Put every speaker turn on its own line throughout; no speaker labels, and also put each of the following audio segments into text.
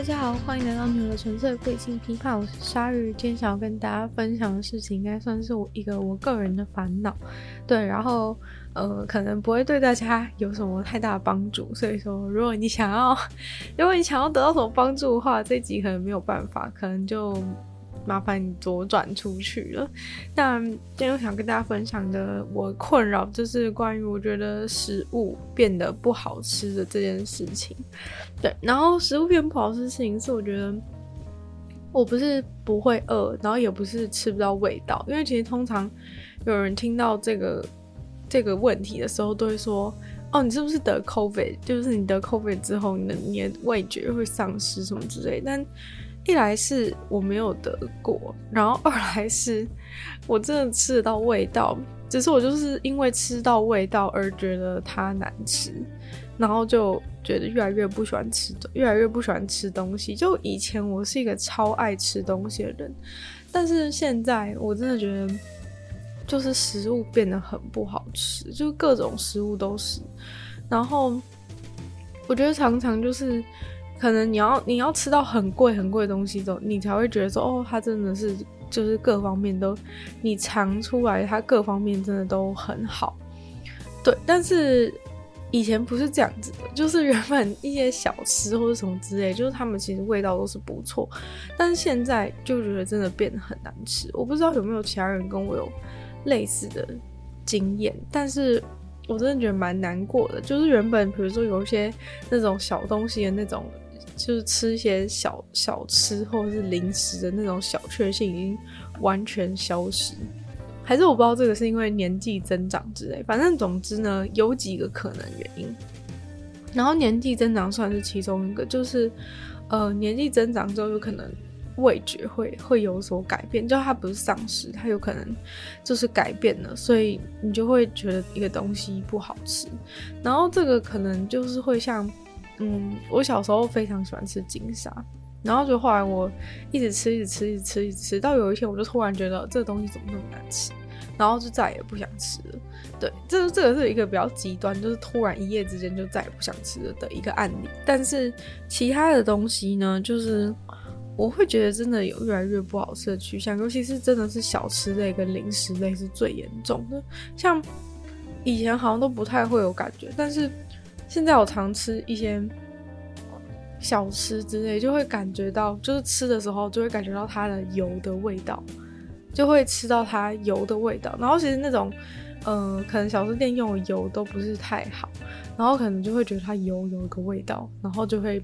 大家好，歡迎來到《你們的純粹貴性批判》。我是鯊魚，今天想要跟大家分享的事情，應該算是我一個我個人的煩惱。對，然後呃，可能不會對大家有什麼太大的幫助，所以說，如果你想要，如果你想要得到什麼幫助的話，這集可能沒有辦法，可能就。麻煩你左轉出去了。那今天我想跟大家分享的，我的困擾就是關於我覺得食物變得不好吃的這件事情。對，然後食物變不好吃事情是我覺得我不是不會餓，然後也不是吃不到味道，因為其實通常有人聽到這個這個問題的時候，都會說哦，你是不是得 COVID？就是你得 COVID 之後，你的味覺會喪失什麼之類的，但。一來是我沒有得過，然後二來是我真的吃得到味道，只是我就是因為吃到味道而覺得它難吃，然後就覺得越來越不喜歡吃，越來越不喜歡吃東西。就以前我是一個超愛吃東西的人，但是現在我真的覺得，就是食物變得很不好吃，就各種食物都是。然後我覺得常常就是。可能你要你要吃到很貴很貴的東西之後，你才會覺得說哦，它真的是就是各方面都你嚐出來，它各方面真的都很好。對，但是以前不是這樣子的，就是原本一些小吃或者什麼之類，就是他們其實味道都是不錯，但是現在就覺得真的變得很難吃。我不知道有沒有其他人跟我有類似的經驗，但是我真的覺得蠻難過的。就是原本比如說有一些那種小東西的那種的。就是吃一些小小吃，或者是零食的那種小確幸已經完全消失，還是我不知道這個是因為年紀增長之類。反正總之呢，有幾個可能原因。然後年紀增長算是其中一個，就是呃，年紀增長之後有可能味覺會會有所改變，就它不是喪失，它有可能就是改變了，所以你就會覺得一個東西不好吃。然後這個可能就是會像。嗯，我小時候非常喜歡吃金沙，然後就後來我一直吃，一,一直吃，一直吃，吃到有一天，我就突然覺得這個東西怎麼那麼難吃？然後就再也不想吃了。對，這個、這個是一個比較極端，就是突然一夜之間就再也不想吃了的一個案例。但是其他的東西呢，就是我會覺得真的有越來越不好吃的趨向，尤其是真的是小吃類跟零食類是最嚴重的。像以前好像都不太會有感覺，但是。現在我常吃一些小吃之類，就會感覺到，就是吃的時候就會感覺到它的油的味道，就會吃到它油的味道。然後其實那種，嗯、呃，可能小吃店用的油都不是太好，然後可能就會覺得它油有一個味道，然後就會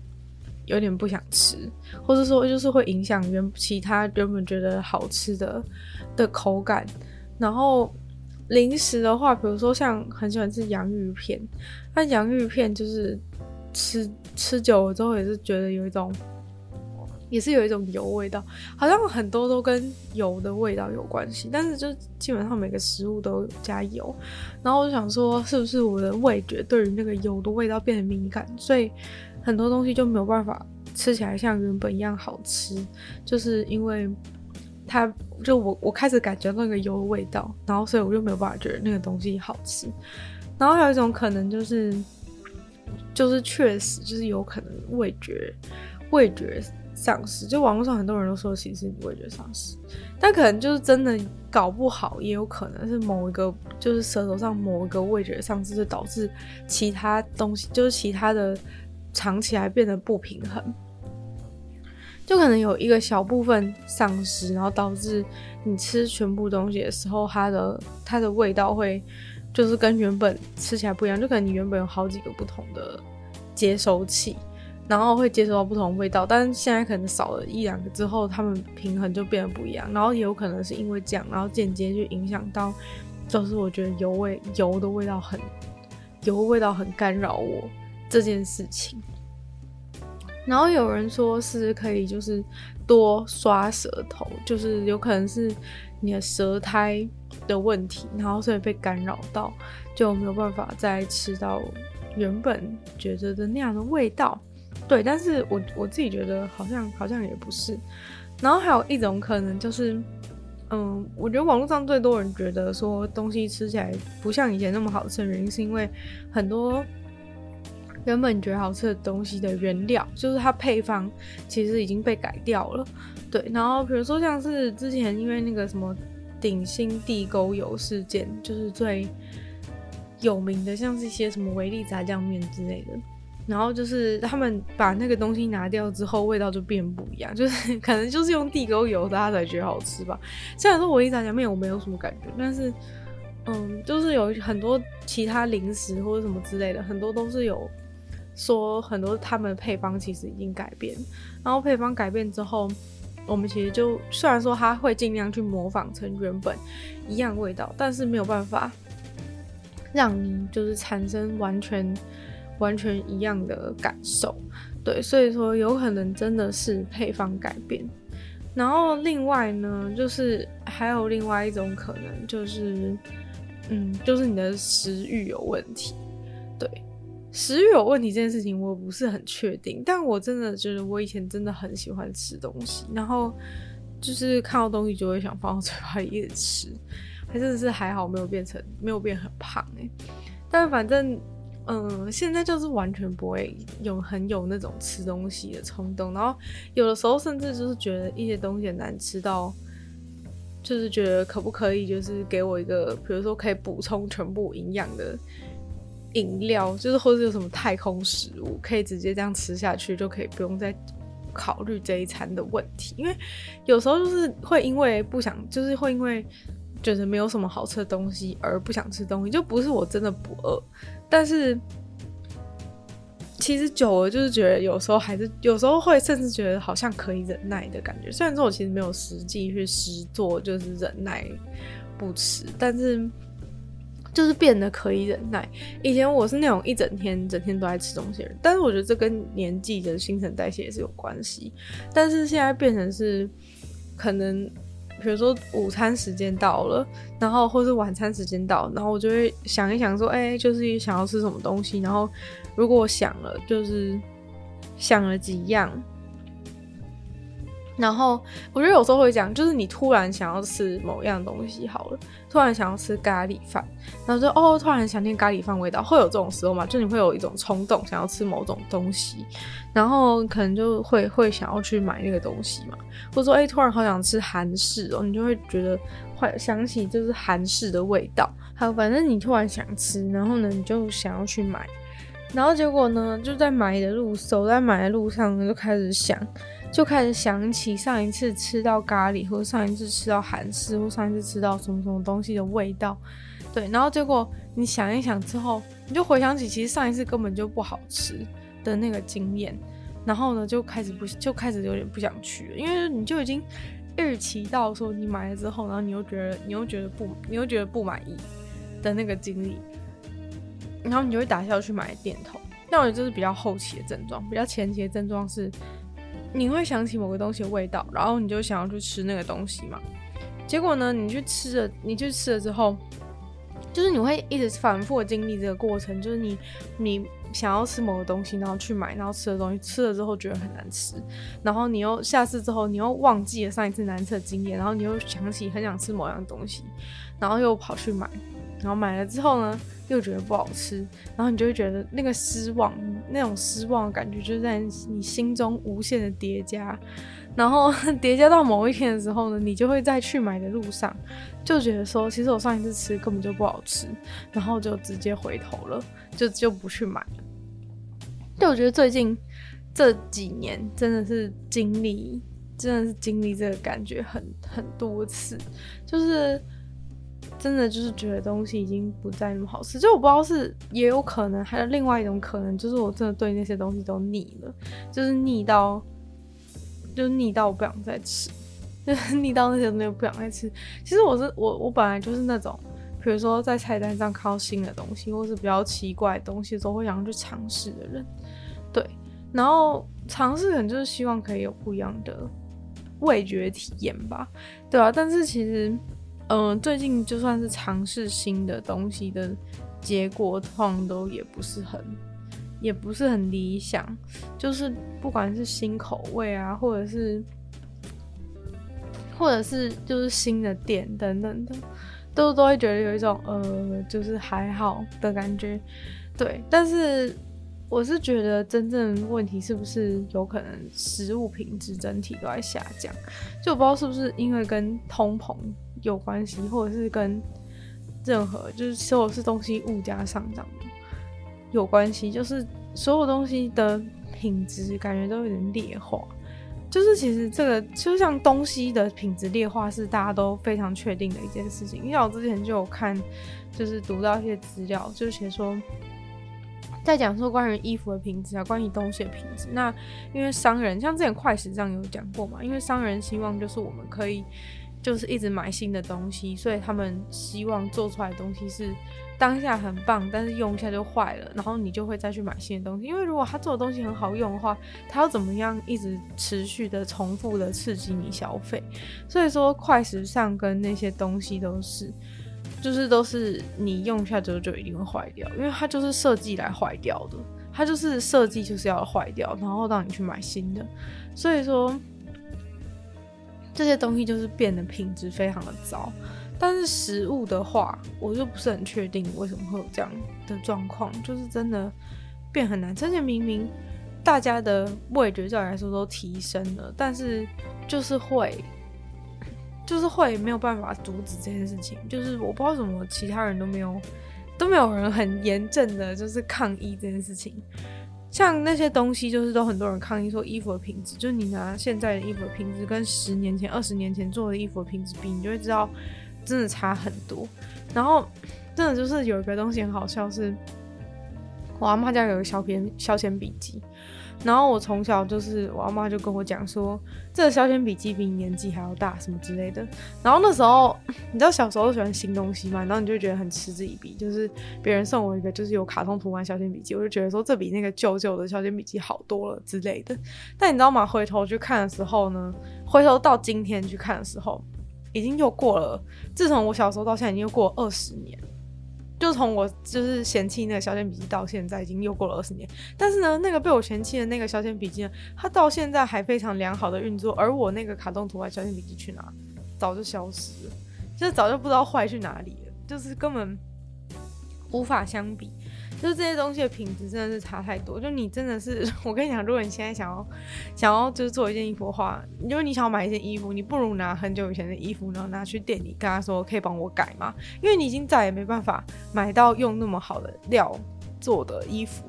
有點不想吃，或者說就是會影響原其他原本覺得好吃的的口感。然後零食的話，比如說像很喜歡吃洋芋片。但洋芋片就是吃吃久了之後也是覺得有一種，也是有一種油味道，好像很多都跟油的味道有關係。但是就基本上每個食物都有加油，然後我就想說，是不是我的味覺對於那個油的味道變得敏感，所以很多東西就沒有辦法吃起來像原本一樣好吃。就是因為它，就我我開始感覺那個油的味道，然後所以我就沒有辦法覺得那個東西好吃。然後還有一種可能就是，就是確實就是有可能味覺、味覺喪失。就網絡上很多人都說，其實你味覺喪失，但可能就是真的搞不好，也有可能是某一個就是舌頭上某一個味覺喪失，就導致其他東西就是其他的嘗起來變得不平衡。就可能有一個小部分喪失，然後導致你吃全部東西的時候，它的它的味道會。就是跟原本吃起來不一樣，就可能你原本有好幾個不同的接收器，然後會接收到不同味道，但現在可能少了一兩個之後，它們平衡就變得不一樣，然後也有可能是因為這樣，然後間接就影響到，就是我覺得油味油的味道很油的味道很干擾我這件事情，然後有人說是可以就是多刷舌頭，就是有可能是你的舌苔的問題，然後所以被干擾到，就沒有辦法再吃到原本覺得的那樣的味道。對，但是我我自己覺得好像好像也不是。然後還有一種可能就是，嗯，我覺得網絡上最多人覺得說東西吃起來不像以前那麼好吃的原因，是因為很多原本覺得好吃的東西的原料，就是它配方其實已經被改掉了。對，然後比如說像是之前因為那個什麼。頂新地溝油事件就是最有名的，像是一些什麼維力炸醬麵之類的，然後就是他們把那個東西拿掉之後，味道就變不一樣，就是可能就是用地溝油大家才覺得好吃吧。雖然說維力炸醬麵我沒有什麼感覺，但是嗯，就是有很多其他零食或者什麼之類的，很多都是有說很多他們的配方其實已經改變，然後配方改變之後。我們其實就雖然說它會盡量去模仿成原本一樣味道，但是沒有辦法讓你就是產生完全完全一樣的感受，對，所以說有可能真的是配方改變。然後另外呢，就是還有另外一種可能就是，嗯，就是你的食慾有問題，對。食慾有問題這件事情，我不是很確定。但我真的覺得，我以前真的很喜歡吃東西，然後就是看到東西就會想放到嘴巴裡一直吃，還真的是還好沒有變成沒有變很胖哎、欸。但反正，嗯、呃，現在就是完全不會有很有那種吃東西的衝動，然後有的時候甚至就是覺得一些東西很難吃到，就是覺得可不可以就是給我一個，比如說可以補充全部營養的。飲料就是，或者有什麼太空食物，可以直接這樣吃下去，就可以不用再考慮這一餐的問題。因為有時候就是會因為不想，就是會因為覺得沒有什麼好吃的東西而不想吃東西，就不是我真的不餓。但是其實久了，就是覺得有時候還是有時候會，甚至覺得好像可以忍耐的感覺。雖然說我其實沒有實際去實作，就是忍耐不吃，但是。就是變得可以忍耐。以前我是那種一整天整天都在吃東西的人，但是我覺得這跟年紀、跟新陳代謝也是有關係。但是現在變成是，可能比如說午餐時間到了，然後或是晚餐時間到了，然後我就會想一想，說，哎、欸，就是想要吃什麼東西。然後如果我想了，就是想了幾樣。然後我覺得有時候會講，就是你突然想要吃某樣東西，好了，突然想要吃咖喱飯，然後就哦，突然想念咖喱飯味道，會有這種時候嘛，就你會有一種衝動，想要吃某種東西，然後可能就會會想要去買那個東西嘛，或者說哎，突然好想吃韓式哦，你就會覺得會想起就是韓式的味道，好，反正你突然想吃，然後呢你就想要去買，然後結果呢就在買的路，走在買的路上呢就開始想。就開始想起上一次吃到咖喱，或者上一次吃到韓式，或上一次吃到什麼什麼東西的味道，對。然後結果你想一想之後，你就回想起其實上一次根本就不好吃的那個經驗，然後呢就開始不就開始有點不想去了，因為你就已經預期到說你買了之後，然後你又覺得你又覺得不你又覺得不滿意的那個經歷，然後你就會打消去買念頭。那我覺得這是比較後期的症狀，比較前期的症狀是。你會想起某個東西的味道，然後你就想要去吃那個東西嘛，結果呢，你去吃了，你去吃了之後，就是你會一直反覆的經歷這個過程，就是你你想要吃某個東西，然後去買，然後吃的東西吃了之後覺得很難吃，然後你又下次之後你又忘記了上一次難吃的經驗，然後你又想起很想吃某樣東西，然後又跑去買，然後買了之後呢，又覺得不好吃，然後你就會覺得那個失望，那種失望的感覺就是在你心中無限的疊加，然後疊加到某一天的時候呢，你就會在去買的路上就覺得說，其實我上一次吃根本就不好吃，然後就直接回頭了，就就不去買了。就我覺得最近這幾年真的是經歷，真的是經歷這個感覺很很多次，就是。真的就是覺得東西已經不再那麼好吃，就我不知道是，也有可能，還有另外一種可能，就是我真的對那些東西都膩了，就是膩到，就是膩到我不想再吃，就是膩到那些東西我不想再吃。其實我是我我本來就是那種，比如說在菜單上看到新的東西或是比較奇怪的東西總會想去嘗試的人，對，然後嘗試可能就是希望可以有不一樣的味覺體驗吧，對啊，但是其實。嗯、呃，最近就算是嘗試新的東西的結果，通常都也不是很，也不是很理想。就是不管是新口味啊，或者是，或者是就是新的店等等的，都都會覺得有一種呃，就是還好的感覺。對，但是我是覺得真正問題是不是有可能食物品質整體都在下降？就我不知道是不是因為跟通膨。有關係，或者是跟任何就是所有是東西物價上漲有關係，就是所有東西的品質感覺都有點劣化。就是其實這個就像東西的品質劣化是大家都非常確定的一件事情。因為我之前就有看，就是讀到一些資料，就是寫說在講說關於衣服的品質啊，關於東西的品質。那因為商人像之前快時尚有講過嘛，因為商人希望就是我們可以。就是一直買新的東西，所以他們希望做出來的東西是當下很棒，但是用一下就壞了，然後你就會再去買新的東西。因為如果他做的東西很好用的話，他要怎麼樣一直持續的重複的刺激你消費？所以說快時尚跟那些東西都是，就是都是你用一下之後就一定會壞掉，因為它就是設計來壞掉的，它就是設計就是要壞掉，然後讓你去買新的。所以說。這些東西就是變得品質非常的糟，但是食物的話，我就不是很確定為什麼會有這樣的狀況，就是真的變很難，之前明明大家的味覺上來說都提升了，但是就是會，就是會沒有辦法阻止這件事情。就是我不知道為什麼其他人都沒有，都沒有人很嚴正的，就是抗議這件事情。像那些東西，就是都很多人抗議說衣服的品質，就是你拿現在的衣服的品質跟十年前、二十年前做的衣服的品質比，你就會知道真的差很多。然後，真的就是有一個東西很好笑是，是我阿媽家有個削鉛削鉛筆機。然後我從小就是我阿媽就跟我講說，這個削鉛筆機比你年紀還要大什麼之類的。然後那時候你知道小時候喜歡新東西嘛？然後你就會覺得很嗤之以鼻，就是別人送我一個就是有卡通圖案削鉛筆機，我就覺得說這比那個舊舊的削鉛筆機好多了之類的。但你知道嗎？回頭去看的時候呢，回頭到今天去看的時候，已經又過了，自從我小時候到現在已經又過了二十年。就從我就是嫌棄那個削鉛筆機到現在，已經又過了二十年。但是呢，那個被我嫌棄的那個削鉛筆機呢，它到現在還非常良好的運作。而我那個卡通圖案削鉛筆機去哪，早就消失了，就是早就不知道壞去哪裡了，就是根本無法相比。就是這些東西的品質真的是差太多。就你真的是，我跟你講，如果你現在想要想要就是做一件衣服的話，就是你想要買一件衣服，你不如拿很久以前的衣服，然後拿去店裡跟他說可以幫我改嘛，因為你已經再也沒辦法買到用那麼好的料做的衣服。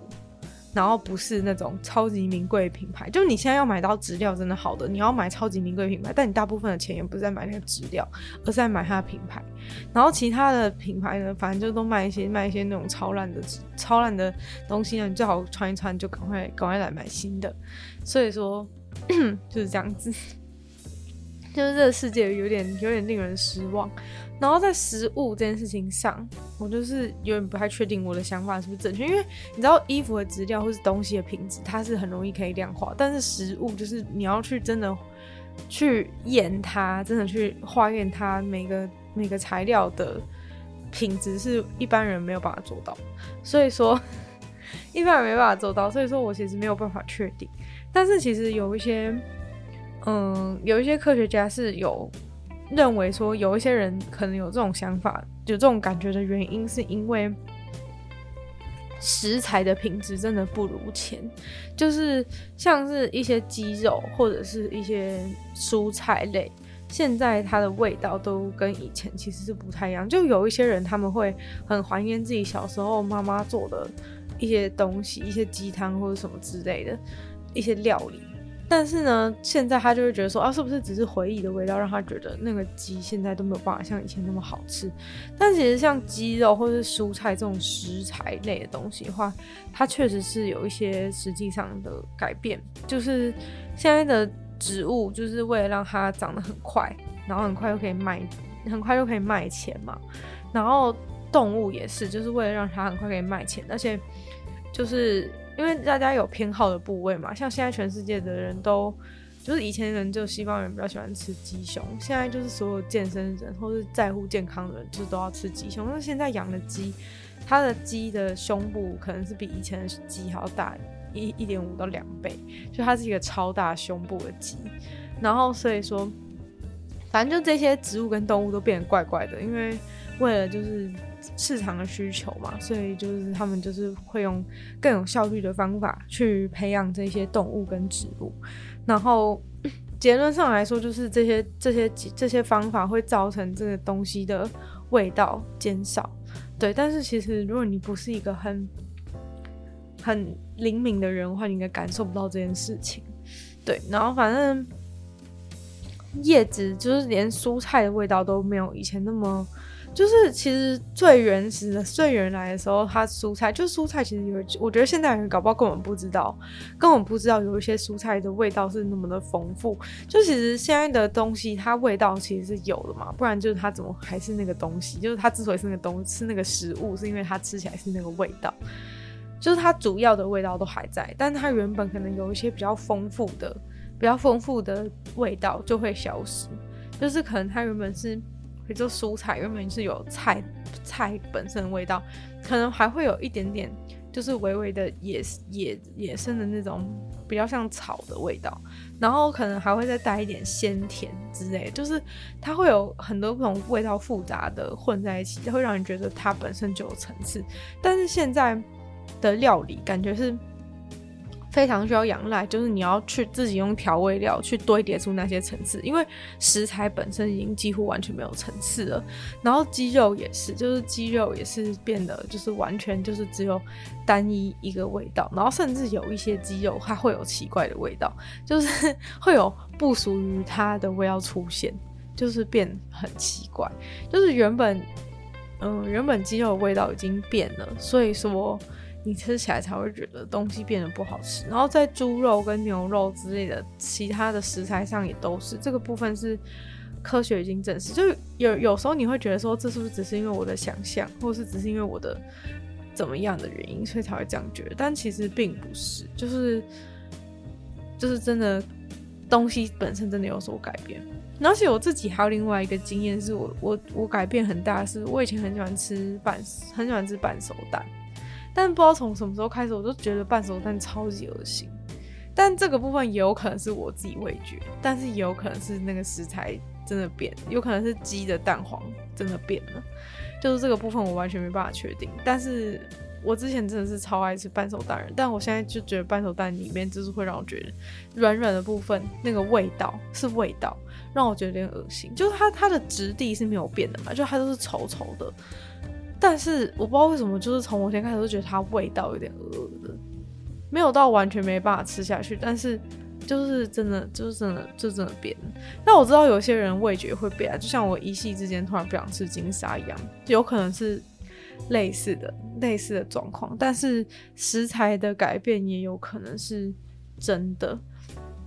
然後不是那種超級名貴品牌，就你現在要買到質料真的好的，你要買超級名貴品牌，但你大部分的錢也不是在買那個質料，而是在買它的品牌。然後其他的品牌呢，反正就都賣一些賣一些那種超爛的、超爛的東西呢，你最好穿一穿就趕快趕快來買新的。所以說 就是這樣子。就是這個世界有點有點令人失望，然後在食物這件事情上，我就是有點不太確定我的想法是不是正確，因為你知道衣服的質料或是東西的品質，它是很容易可以量化，但是食物就是你要去真的去驗它，真的去化驗它，每個每個材料的品質是一般人沒有辦法做到，所以說一般人沒辦法做到，所以說我其實沒有辦法確定，但是其實有一些。嗯，有一些科學家是有認為說，有一些人可能有這種想法、有這種感覺的原因，是因為食材的品質真的不如前。就是像是一些雞肉或者是一些蔬菜類，現在它的味道都跟以前其實是不太一樣。就有一些人他們會很懷念自己小時候媽媽做的一些東西，一些雞湯或者什麼之類的一些料理。但是呢，現在他就會覺得說啊，是不是只是回憶的味道讓他覺得那個雞現在都沒有辦法像以前那麼好吃？但其實像雞肉或是蔬菜這種食材類的東西的話，它確實是有一些實際上的改變，就是現在的植物就是為了讓它長得很快，然後很快就可以賣，很快就可以賣錢嘛。然後動物也是，就是為了讓它很快可以賣錢，而且就是。因為大家有偏好的部位嘛，像現在全世界的人都，就是以前人就西方人比較喜歡吃雞胸，現在就是所有健身人或是在乎健康的人，就是都要吃雞胸。那現在養的雞，它的雞的胸部可能是比以前的雞還要大一一點五到兩倍，就它是一個超大胸部的雞。然後所以說，反正就這些植物跟動物都變得怪怪的，因為為了就是。市場的需求嘛，所以就是他們就是會用更有效率的方法去培養這些動物跟植物，然後結論上來說，就是這些這些這些方法會造成這個東西的味道減少。對，但是其實如果你不是一個很很靈敏的人的話，你應該感受不到這件事情。對，然後反正葉子就是連蔬菜的味道都沒有以前那麼。就是其實最原始的、最原來的時候，它蔬菜就蔬菜，其實有。我覺得現代人搞不好根本不知道，根本不知道有一些蔬菜的味道是那麼的豐富。就其實現在的東西，它味道其實是有的嘛，不然就是它怎麼還是那個東西？就是它之所以是那個東西，是那個食物，是因為它吃起來是那個味道，就是它主要的味道都還在，但是它原本可能有一些比較豐富的、比較豐富的味道就會消失，就是可能它原本是。就蔬菜原本是有菜菜本身的味道，可能還會有一點點，就是微微的野野野生的那種比較像草的味道，然後可能還會再帶一點鮮甜之類，就是它會有很多不同味道複雜的混在一起，就會讓人覺得它本身就有層次。但是現在的料理感覺是。非常需要仰賴，就是你要去自己用調味料去堆疊出那些層次，因為食材本身已經幾乎完全沒有層次了。然後雞肉也是，就是雞肉也是變得就是完全就是只有單一一個味道。然後甚至有一些雞肉它會有奇怪的味道，就是會有不屬於它的味道出現，就是變很奇怪。就是原本，嗯，原本雞肉的味道已經變了，所以說。你吃起來才會覺得東西變得不好吃，然後在豬肉跟牛肉之類的其他的食材上也都是這個部分是科學已經證實。就有有時候你會覺得說這是不是只是因為我的想象，或是只是因為我的怎麼樣的原因，所以才會這樣覺得，但其實並不是，就是就是真的東西本身真的有所改變。而且我自己還有另外一個經驗，是我我我改變很大，是我以前很喜歡吃半很喜歡吃半熟蛋。但不知道從什麼時候開始，我就覺得半熟蛋超級噁心。但這個部分也有可能是我自己味覺，但是也有可能是那個食材真的變，有可能是雞的蛋黃真的變了。就是這個部分我完全沒辦法確定。但是我之前真的是超愛吃半熟蛋人，但我現在就覺得半熟蛋裡面就是會讓我覺得軟軟的部分，那個味道是味道，讓我覺得有點噁心。就是它它的質地是沒有變的嘛，就它都是稠稠的。但是我不知道為什麼，就是從某天開始，就覺得它味道有點惡的，沒有到完全沒辦法吃下去，但是就是真的，就是真的，就真的變了。但我知道有些人味覺會變，就像我一夕之間突然不想吃金沙一樣，有可能是類似的、類似的狀況。但是食材的改變也有可能是真的。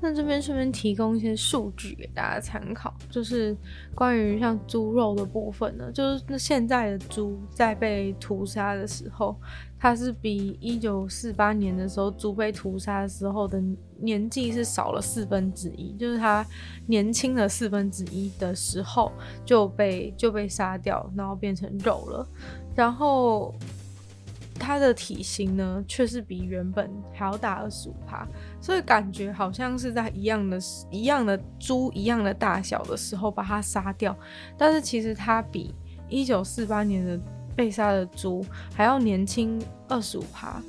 那這邊順便提供一些數據給大家參考，就是關於像豬肉的部分呢，就是那現在的豬在被屠殺的時候，它是比一九四八年的時候豬被屠殺的時候的年紀是少了四分之一，就是它年輕了四分之一的時候就被就被殺掉，然後變成肉了，然後。它的體型呢，卻是比原本還要大二十五趴，所以感覺好像是在一樣的、一樣的豬一樣的大小的時候把它殺掉。但是其實它比一九四八年的被殺的豬還要年輕二十五趴，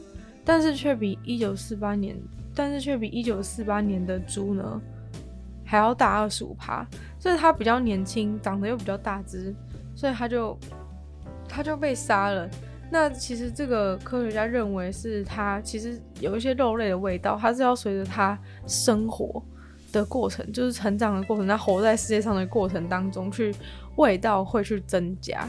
但是卻比一九四八年，但是卻比一九四八年的豬呢還要大二十五趴，所以它比較年輕，長得又比較大只，所以它就它就被殺了。那其實這個科學家認為是它其實有一些肉類的味道，它是要隨着它生活的過程，就是成長的過程，它活在世界上的過程當中去味道會去增加，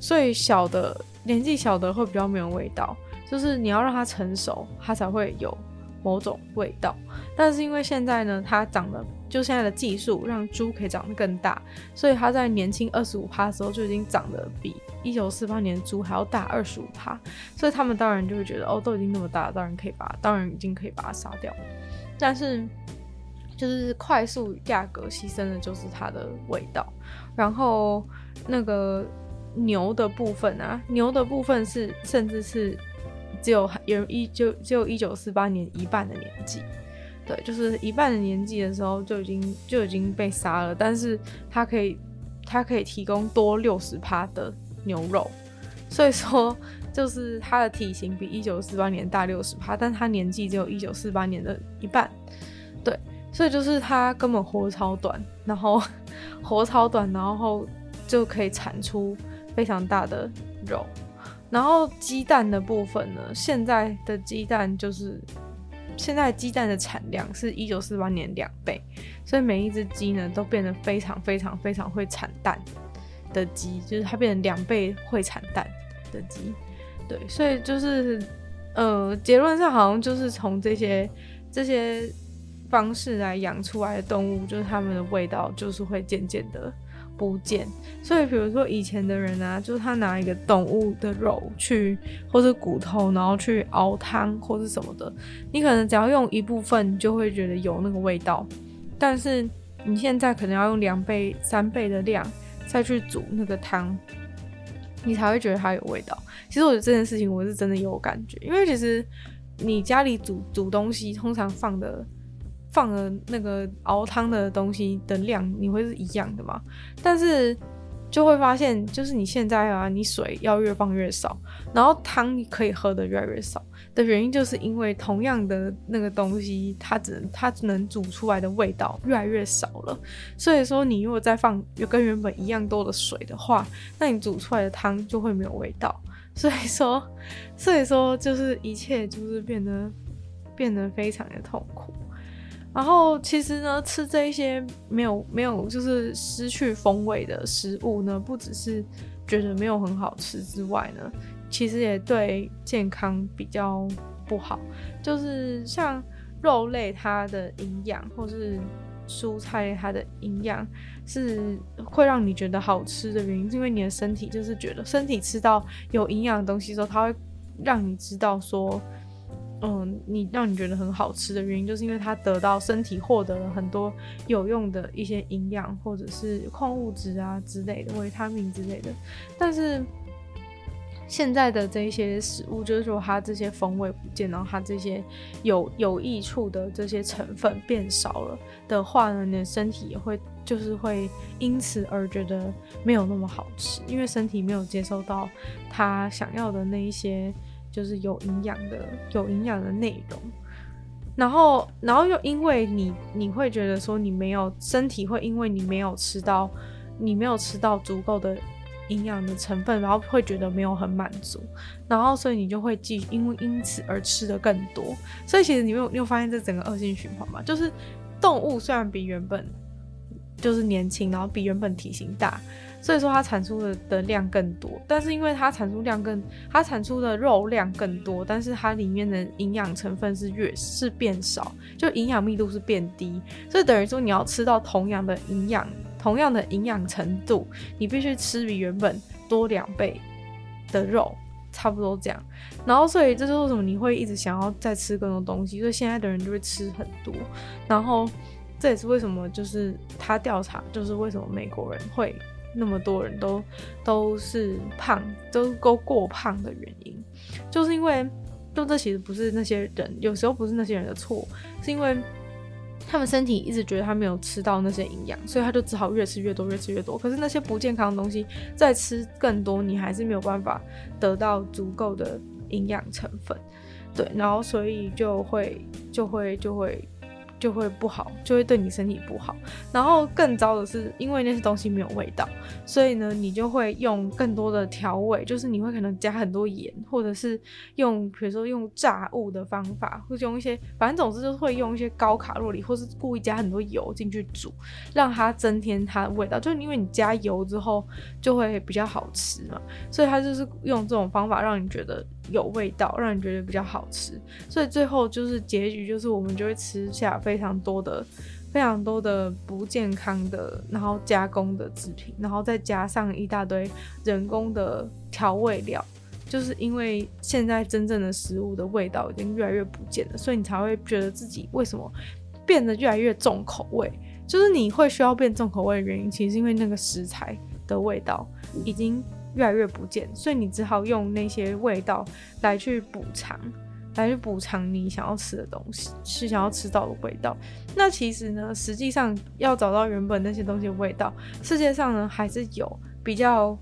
所以小的年紀小的會比較沒有味道，就是你要讓它成熟，它才會有某種味道，但是因為現在呢，它長得就現在的技術讓豬可以長得更大，所以它在年輕二十五趴的時候就已經長得比一九四八年豬還要大二十五趴，所以他們當然就會覺得哦，都已經那麼大，當然可以把它，當然已經可以把它殺掉，但是就是快速價格犧牲的就是它的味道，然後那個牛的部分啊，牛的部分是甚至是。只有有一就只有一九四八年一半的年紀，對，就是一半的年紀的時候就已經就已經被殺了，但是他可以他可以提供多六十趴的牛肉，所以說就是他的體型比一九四八年大六十趴，但他年紀只有一九四八年的一半，對，所以就是他根本活超短，然後活超短，然後就可以產出非常大的肉。然後雞蛋的部分呢？現在的雞蛋就是，現在雞蛋的產量是一九四八年兩倍，所以每一只雞呢都變得非常非常非常會產蛋的雞，就是它變成兩倍會產蛋的雞。對，所以就是，呃，結論上好像就是從這些這些方式來養出來的動物，就是它們的味道就是會漸漸的不見，所以比如說以前的人啊，就是他拿一個動物的肉去或者骨頭，然後去熬湯或是什麼的，你可能只要用一部分就會覺得有那個味道，但是你現在可能要用兩倍、三倍的量再去煮那個湯，你才會覺得它有味道。其實我覺得這件事情我是真的有感覺，因為其實你家裡煮煮東西通常放的。放了那個熬湯的東西的量，你會是一樣的嗎？但是就會發現，就是你現在啊，你水要越放越少，然後湯你可以喝的越來越少的原因，就是因為同樣的那個東西它，它只能它只能煮出來的味道越來越少了。所以說，你如果再放跟原本一樣多的水的話，那你煮出來的湯就會沒有味道。所以說，所以說就是一切就是變得變得非常的痛苦。然後其實呢，吃這一些沒有沒有就是失去風味的食物呢，不只是覺得沒有很好吃之外呢，其實也對健康比較不好。就是像肉類它的營養，或是蔬菜它的營養，是會讓你覺得好吃的原因，是因為你的身體就是覺得身體吃到有營養的東西的時候，它會讓你知道說。嗯，你讓你覺得很好吃的原因，就是因為它得到身體獲得了很多有用的一些營養，或者是礦物質啊之類的、維他命之類的。但是現在的這些食物，就是說它這些風味不見，然後它這些有有益處的這些成分變少了的話呢，你的身體也會就是會因此而覺得沒有那麼好吃，因為身體沒有接受到它想要的那一些。就是有營養的，有營養的內容，然後，然後又因為你，你會覺得說你沒有身體會因為你沒有吃到，你沒有吃到足夠的營養的成分，然後會覺得沒有很滿足，然後所以你就會繼因為因此而吃得更多，所以其實你有你有發現這整個惡性循環嘛？就是動物雖然比原本就是年輕，然後比原本體型大，所以說它產出的的量更多，但是因為它產出量更，它產出的肉量更多，但是它裡面的營養成分是越是變少，就營養密度是變低，所以等於說你要吃到同樣的營養，同樣的營養程度，你必須吃比原本多兩倍的肉，差不多這樣。然後所以這就是為什麼你會一直想要再吃更多東西，所以現在的人就會吃很多。然後這也是為什麼就是他調查，就是為什麼美國人會。那麼多人都都是胖，都夠過胖的原因，就是因為就這其實不是那些人，有時候不是那些人的錯，是因為他們身體一直覺得他沒有吃到那些營養，所以他就只好越吃越多，越吃越多。可是那些不健康的東西再吃更多，你還是沒有辦法得到足夠的營養成分，對，然後所以就會就會就會。就會就會不好，就會對你身體不好。然後更糟的是，因為那些東西沒有味道，所以呢，你就會用更多的調味，就是你會可能加很多鹽，或者是用比如說用炸物的方法，或是用一些反正總之就是會用一些高卡路里，或是故意加很多油進去煮，讓它增添它的味道。就是因為你加油之後就會比較好吃嘛，所以它就是用這種方法讓你覺得有味道，讓你覺得比較好吃。所以最後就是結局就是我們就會吃下。非常多的，非常多的不健康的，然後加工的製品，然後再加上一大堆人工的調味料，就是因為現在真正的食物的味道已經越來越不見了，所以你才會覺得自己為什麼變得越來越重口味。就是你會需要變重口味的原因，其實是因為那個食材的味道已經越來越不見，所以你只好用那些味道來去補償。來去補償你想要吃的東西，是想要吃到的味道。那其實呢，實際上要找到原本那些東西的味道，世界上呢，還是有比較，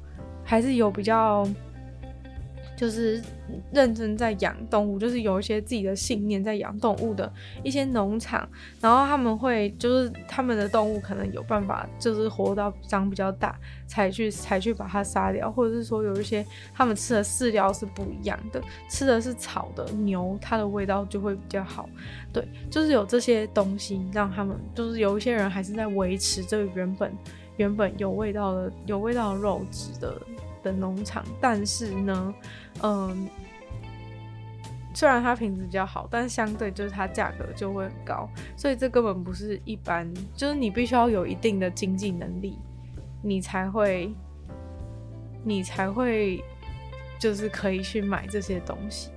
還是有比較。就是認真在養動物，就是有一些自己的信念在養動物的一些農場，然後他們會就是他們的動物可能有辦法，就是活到長比較大才去才去把它殺掉，或者是說有一些他們吃的飼料是不一樣的，吃的是草的牛，它的味道就會比較好。對，就是有這些東西讓他們，就是有一些人還是在維持這個原本原本有味道的有味道的肉質的。的農場，但是呢，嗯，雖然它品質比較好，但相對就是它價格就會很高，所以這根本不是一般，就是你必須要有一定的經濟能力，你才會，你才會，就是可以去買這些東西。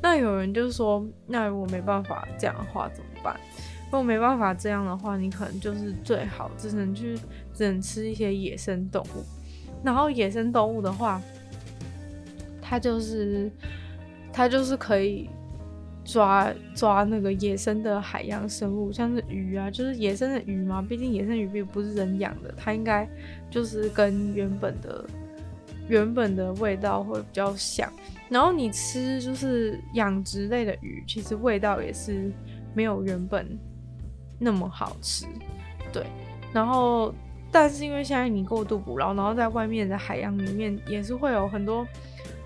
那有人就說，那如果沒辦法這樣的話怎麼辦？如果沒辦法這樣的話，你可能就是最好只能去，只能吃一些野生動物。然後野生動物的話，它就是它就是可以抓抓那個野生的海洋生物，像是魚啊，就是野生的魚嘛。畢竟野生魚並不是人養的，它應該就是跟原本的原本的味道會比較像。然後你吃就是養殖類的魚，其實味道也是沒有原本那麼好吃，對。然後。但是因為現在你過度捕撈，然後在外面的海洋裡面也是會有很多，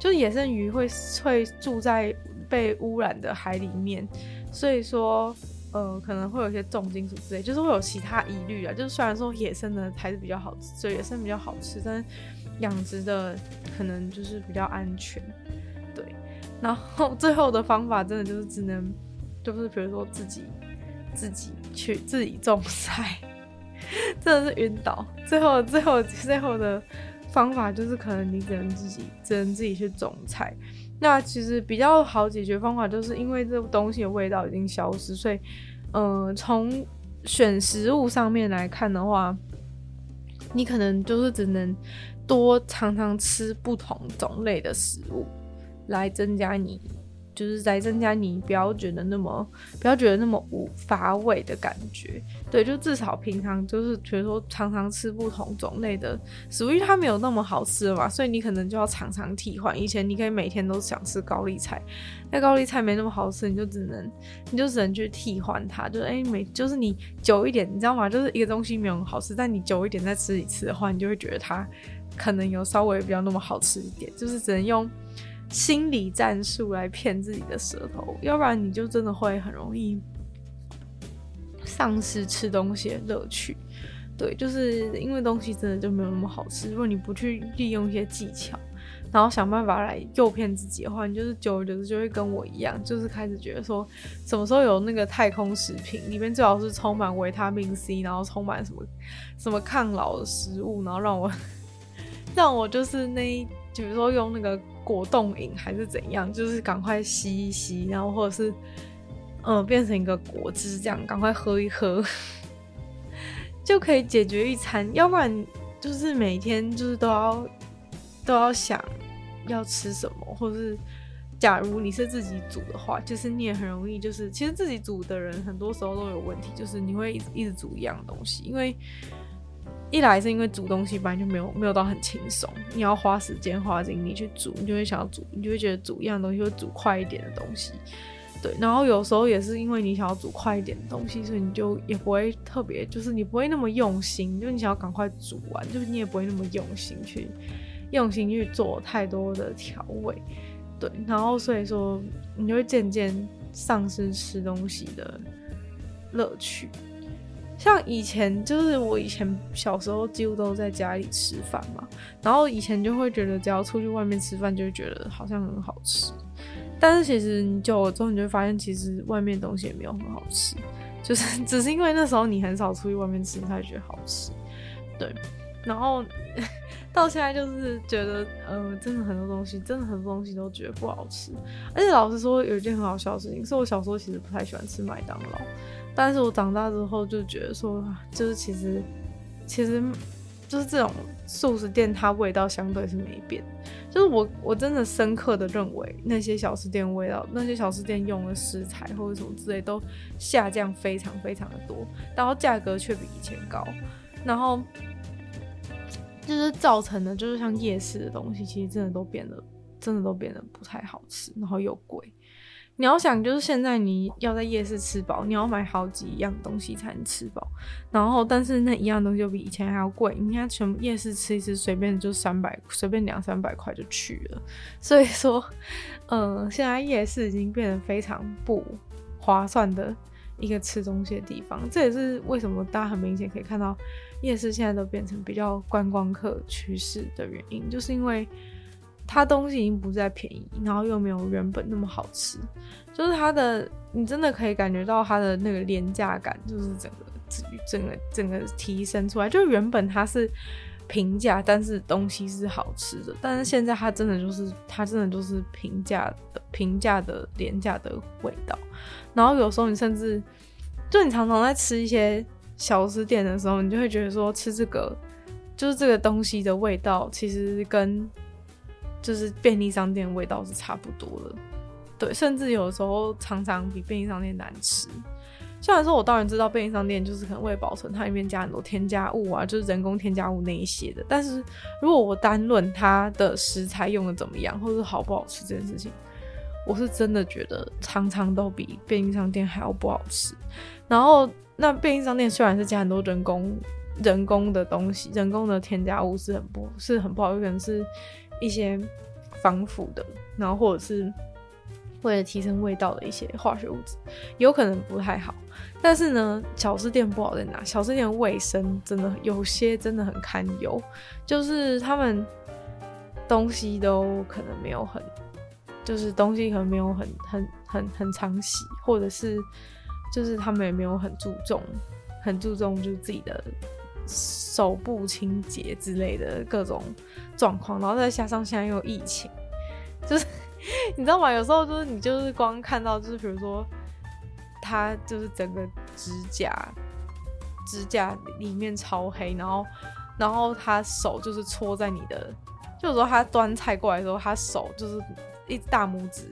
就是野生魚會會住在被污染的海裡面，所以說，呃，可能會有些重金屬之類，就是會有其他疑慮啊。就是雖然說野生的還是比較好吃，所以野生比較好吃，但是養殖的可能就是比較安全，對。然後最後的方法真的就是只能，就是比如說自己自己去自己種菜。真的是暈倒，最後最後最後的方法就是，可能你只能自己只能自己去種菜。那其實比較好解決方法，就是因為這東西的味道已經消失，所以，嗯、呃，從選食物上面來看的話，你可能就是只能多常常吃不同種類的食物，來增加你。就是在增加你不要覺得那麼不要覺得那麼無乏味的感覺，對，就至少平常就是覺得說常常吃不同種類的，屬於它沒有那麼好吃的嘛，所以你可能就要常常替換。以前你可以每天都想吃高麗菜，那高麗菜沒那麼好吃，你就只能你就只能去替換它。就哎、欸，每就是你久一點，你知道嗎？就是一個東西沒有好吃，但你久一點再吃一次的話，你就會覺得它可能有稍微比較那麼好吃一點，就是只能用。心理戰術來騙自己的舌頭，要不然你就真的會很容易喪失吃東西的樂趣。對，就是因為東西真的就沒有那麼好吃。如果你不去利用一些技巧，然後想辦法來誘騙自己的話，你就是久而久之就會跟我一樣，就是開始覺得說，什麼時候有那個太空食品，裡面最好是充滿維他命 C，然後充滿什麼什麼抗老的食物，然後讓我 讓我就是那一。比如說用那個果凍飲還是怎樣，就是趕快吸一吸，然後或者是呃變成一個果汁這樣，趕快喝一喝， 就可以解決一餐。要不然就是每天就是都要都要想要吃什麼，或者是假如你是自己煮的話，就是你也很容易就是其實自己煮的人很多時候都有問題，就是你會一直一直煮一樣東西，因為。一來是因為煮東西本來就沒有沒有到很輕鬆，你要花時間花精力去煮，你就會想要煮，你就會覺得煮一樣東西會煮快一點的東西，對。然後有時候也是因為你想要煮快一點的東西，所以你就也不會特別，就是你不會那麼用心，就你想要趕快煮完，就是你也不會那麼用心去用心去做太多的調味，對。然後所以說，你就會漸漸喪失吃東西的樂趣。像以前就是我以前小時候幾乎都在家裡吃飯嘛，然後以前就會覺得只要出去外面吃飯就會覺得好像很好吃，但是其實久了之後你就會發現其實外面東西也沒有很好吃，就是只是因為那時候你很少出去外面吃，你才覺得好吃，對。然後到現在就是覺得呃真的很多東西真的很多東西都覺得不好吃，而且老實說有一件很好笑的事情，是我小時候其實不太喜歡吃麥當勞。但是我長大之後就覺得說，就是其實，其實就是這種速食店，它味道相對是沒變。就是我我真的深刻的認為，那些小吃店味道，那些小吃店用的食材或者什麼之類都下降非常非常的多，然後價格卻比以前高，然後就是造成的，就是像夜市的東西，其實真的都變得，真的都變得不太好吃，然後又貴。你要想，就是現在你要在夜市吃飽，你要買好幾樣東西才能吃飽，然後但是那一樣東西就比以前還要貴，你看全部夜市吃一次，隨便就三百，隨便兩三百塊就去了。所以說，嗯、呃，現在夜市已經變得非常不划算的一個吃東西的地方，這也是為什麼大家很明顯可以看到夜市現在都變成比較觀光客趨勢的原因，就是因為。它東西已經不再便宜，然後又沒有原本那麼好吃，就是它的，你真的可以感覺到它的那個廉價感，就是整個、整個、整個提升出來。就是原本它是平價，但是東西是好吃的，但是現在它真的就是，它真的就是平價的、平價的、廉價的味道。然後有時候你甚至，就你常常在吃一些小吃店的時候，你就會覺得說，吃這個就是這個東西的味道，其實跟。就是便利商店味道是差不多的，對，甚至有的時候常常比便利商店難吃。雖然說，我當然知道便利商店就是可能為了保存，它裡面加很多添加物啊，就是人工添加物那一些的。但是如果我單論它的食材用得怎麼樣，或者，好不好吃這件事情，我是真的覺得常常都比便利商店還要不好吃。然後，那便利商店雖然是加很多人工人工的東西，人工的添加物是很不是很不好，有可能是。一些防腐的，然後或者是為了提升味道的一些化學物質，有可能不太好。但是呢，小吃店不好在哪？小吃店衛生真的有些真的很堪憂，就是他們東西都可能沒有很，就是東西可能沒有很很很很常洗，或者是就是他們也沒有很注重，很注重就自己的。手部清潔之類的各種狀況，然後再加上現在又疫情，就是你知道嗎？有時候就是你就是光看到，就是比如說他就是整個指甲指甲裡面超黑，然後然後他手就是戳在你的，就是說他端菜過來的時候，他手就是一大拇指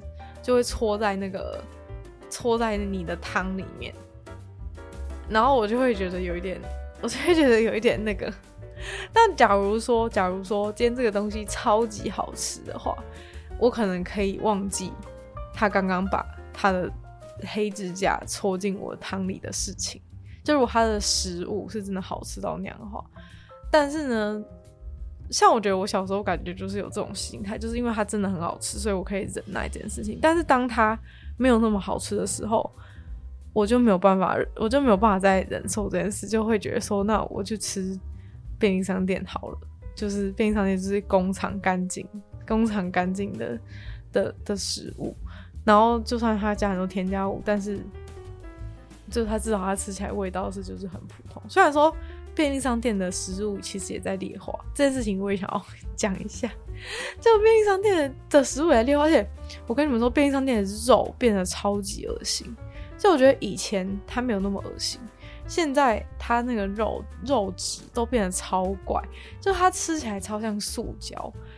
就會戳在那個戳在你的湯裡面，然後我就會覺得有一點。我就會覺得有一點那個，但假如說，假如說今天這個東西超級好吃的話，我可能可以忘記他剛剛把他的黑指甲戳進我的湯裡的事情。就如果他的食物是真的好吃到那樣的話，但是呢，像我覺得我小時候感覺就是有這種心態，就是因為它真的很好吃，所以我可以忍耐這件事情。但是當他沒有那麼好吃的時候，我就沒有辦法，我就沒有辦法再忍受這件事，就會覺得說，那我就吃便利商店好了。就是便利商店就是工廠乾淨、工廠乾淨的的的食物，然後就算它加很多添加物，但是就是它至少它吃起來味道是就是很普通。雖然說便利商店的食物其實也在劣化，這件事情我也想要講一下。就便利商店的食物也在劣化，而且我跟你們說，便利商店的肉變得超級噁心。就我覺得以前它沒有那麼噁心，現在它那個肉肉質都變得超怪，就它吃起來超像塑膠，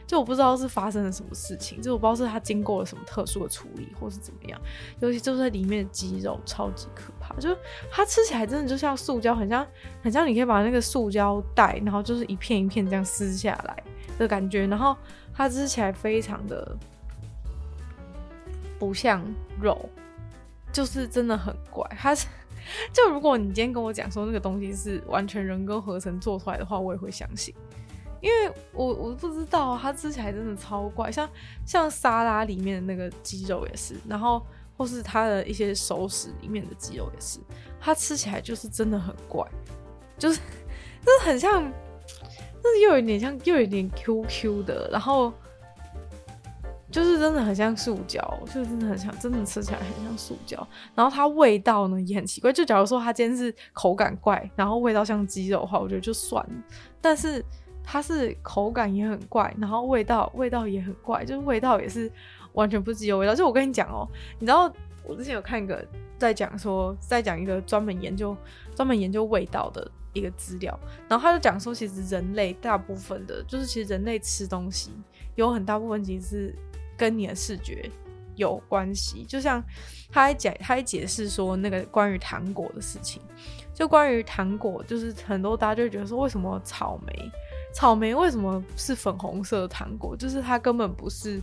就我不知道是發生了什麼事情，就我不知道是它經過了什麼特殊的處理，或是怎麼樣。尤其就是裡面的肌肉超級可怕，就它吃起來真的就像塑膠，很像很像你可以把那個塑膠袋，然後就是一片一片這樣撕下來的感覺，然後它吃起來非常的不像肉。就是真的很怪，它是，是就如果你今天跟我講說那個東西是完全人工合成做出來的話，我也會相信，因為我我不知道，它吃起來真的超怪，像像沙拉裡面的那個雞肉也是，然後或是它的一些熟食裡面的雞肉也是，它吃起來就是真的很怪，就是就是很像，但是就是又有點像又有點 Q Q 的，然後。就是真的很像塑膠，就是真的很像，真的吃起來很像塑膠。然後它味道呢也很奇怪。就假如說它今天是口感怪，然後味道像雞肉的話，我覺得就算了。但是它是口感也很怪，然後味道味道也很怪，就是味道也是完全不是雞肉味道。就我跟你講哦，你知道我之前有看一個在講說，在講一個專門研究專門研究味道的一個資料，然後他就講說，其實人類大部分的，就是其實人類吃東西有很大部分其實是。跟你的視覺有關係，就像他還解他還解釋說那個關於糖果的事情，就關於糖果，就是很多大家就覺得說，為什麼草莓草莓為什麼是粉紅色的糖果？就是它根本不是，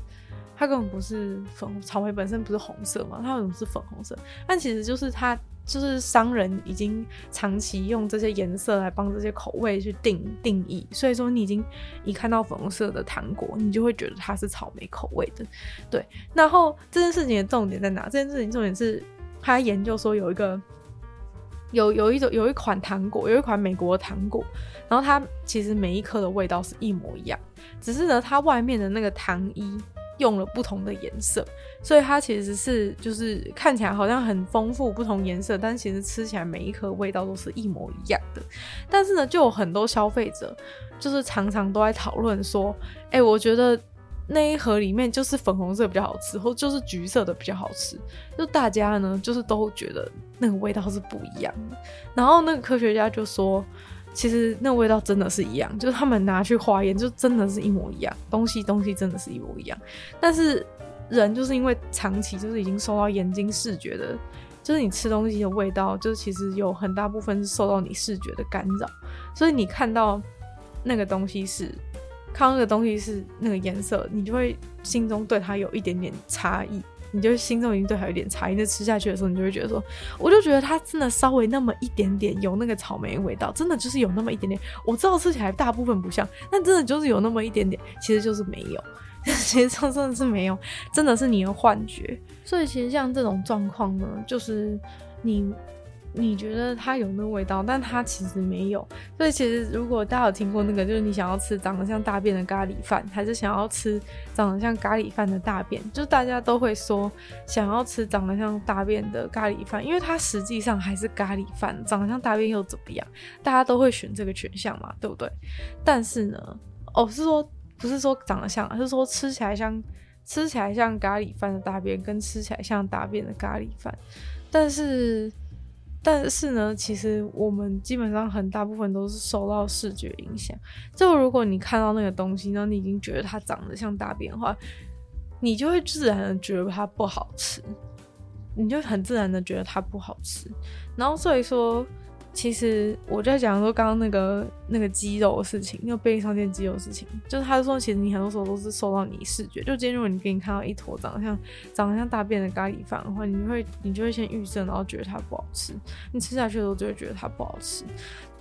它根本不是粉，草莓本身不是紅色嘛，它為什麼是粉紅色？但其實就是它。就是商人已經長期用這些顏色來幫這些口味去定定義，所以說你已經一看到粉紅色的糖果，你就會覺得它是草莓口味的。對，然後這件事情的重點在哪？這件事情重點是，他研究說有一個有有一種有一款糖果，有一款美國的糖果，然後它其實每一顆的味道是一模一樣，只是呢它外面的那個糖衣用了不同的顏色。所以它其實是就是看起來好像很豐富，不同顏色，但其實吃起來每一顆味道都是一模一樣的。但是呢，就有很多消費者就是常常都在討論說：“哎、欸，我覺得那一盒裡面就是粉紅色比較好吃，或就是橘色的比較好吃。”就大家呢，就是都覺得那個味道是不一樣的。然後那個科學家就說：“其實那個味道真的是一樣，就是他們拿去化驗，就真的是一模一樣，東西東西真的是一模一樣。”但是。人就是因為長期就是已經受到眼睛視覺的，就是你吃東西的味道，就是其實有很大部分是受到你視覺的干擾，所以你看到那個東西是，看到那個東西是那個顏色，你就會心中對它有一點點差異，你就會心中已經對它有點差異，就吃下去的時候，你就會覺得說，我就覺得它真的稍微那麼一點點有那個草莓味道，真的就是有那麼一點點，我知道吃起來大部分不像，但真的就是有那麼一點點，其實就是沒有。其實 真的是沒有，真的是你的幻覺。所以其實像這種狀況呢，就是你你覺得它有那味道，但它其實沒有。所以其實如果大家有聽過那個，就是你想要吃長得像大便的咖喱飯，還是想要吃長得像咖喱飯的大便？就是大家都會說想要吃長得像大便的咖喱飯，因為它實際上還是咖喱飯，長得像大便又怎麼樣？大家都會選這個選項嘛，對不對？但是呢，哦，是說。不是說長得像，是說吃起來像，吃起來像咖喱飯的大便，跟吃起來像大便的咖喱飯。但是，但是呢，其實我們基本上很大部分都是受到視覺影響。就如果你看到那個東西，然後你已經覺得它長得像大便的話，你就會自然的覺得它不好吃，你就很自然的覺得它不好吃。然後所以說，其實我在講說剛剛那個。那個雞肉的事情，那個便利商店雞肉的事情，就是他就說，其實你很多時候都是受到你視覺。就今天如果你給你看到一坨長得像長得像大便的咖喱飯的話，你會你就會先預設，然後覺得它不好吃。你吃下去的時候就會覺得它不好吃。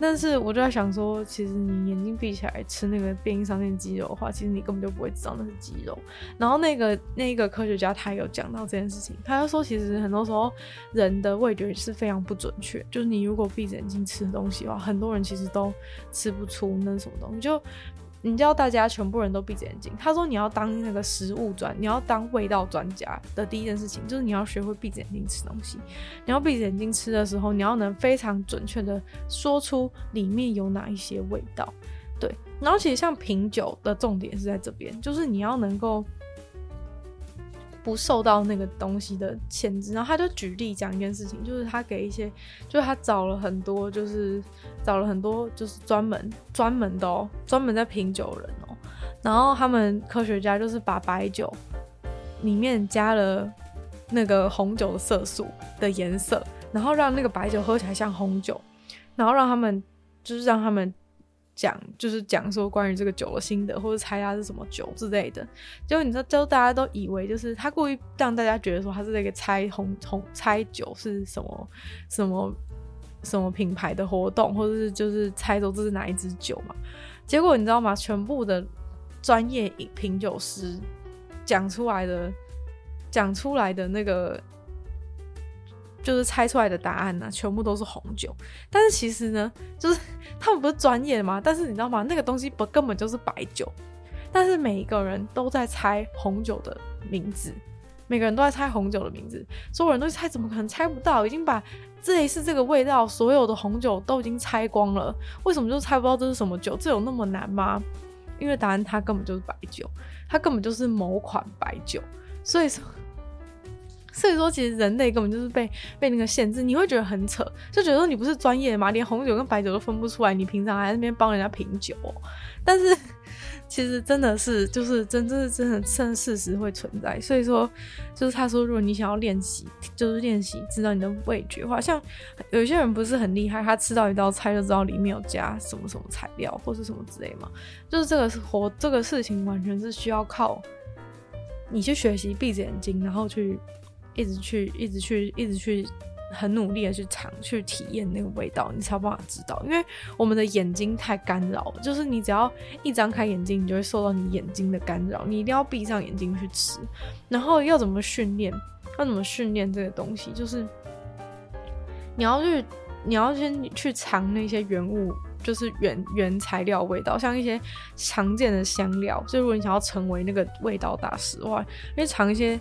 但是我就在想說，其實你眼睛閉起來吃那個便利商店雞肉的話，其實你根本就不會知道那是雞肉。然後那個那個科學家他也有講到這件事情，他就說，其實很多時候人的味覺是非常不準確。就是你如果閉着眼睛吃的東西的話，很多人其實都。吃不出那什麼東西，就你叫大家全部人都閉着眼睛。他說，你要當那個食物專，你要當味道專家的第一件事情就是你要學會閉着眼睛吃東西。你要閉着眼睛吃的時候，你要能非常準確的說出裡面有哪一些味道。對，然後其實像品酒的重點是在這邊，就是你要能夠，不受到那個東西的限制，然後他就舉例講一件事情，就是他給一些，就是他找了很多，就是找了很多，就是專門專門的哦、喔，專門在品酒人哦、喔，然後他們科學家就是把白酒裡面加了那個紅酒的色素的顏色，然後讓那個白酒喝起來像紅酒，然後讓他們就是讓他們。講就是講說關於這個酒的心得，或者猜它是什麼酒之類的。結果你知道，就大家都以為就是他故意讓大家覺得說他是那個猜紅紅猜，猜酒是什麼什麼什麼品牌的活動，或者是就是猜說這是哪一支酒嘛。結果你知道嗎？全部的專業品酒師講出來的，講出來的那個。就是猜出來的答案呢，啊，全部都是紅酒。但是其實呢，就是他們不是專業的嘛。但是你知道嗎？那個東西不根本就是白酒。但是每一個人都在猜紅酒的名字，每個人都在猜紅酒的名字，所有人都猜，怎麼可能猜不到？已經把這一次這個味道所有的紅酒都已經猜光了，為什麼就猜不到這是什麼酒？這有那麼難嗎？因為答案它根本就是白酒，它根本就是某款白酒，所以說。所以說，其實人類根本就是被被那個限制，你會覺得很扯，就覺得說你不是專業的嘛，連紅酒跟白酒都分不出來，你平常還在那邊幫人家品酒喔。但是其實真的是就是真正真的真的事實會存在。所以說，就是他說，如果你想要練習，就是練習知道你的味覺的話，像有些人不是很厲害，他吃到一道菜就知道裡面有加什麼什麼材料或是什麼之類嘛。就是這個活這個事情完全是需要靠你去學習，閉着眼睛然後去。一直去，一直去，一直去，很努力的去嘗，去體驗那個味道，你才有辦法知道。因為我們的眼睛太干擾了，就是你只要一張開眼睛，你就會受到你眼睛的干擾。你一定要閉上眼睛去吃，然後要怎麼訓練？要怎麼訓練這個東西？就是你要去，你要先去嘗那些原物，就是原原材料味道，像一些常見的香料。所以如果你想要成為那個味道大師的話，因為嘗一些。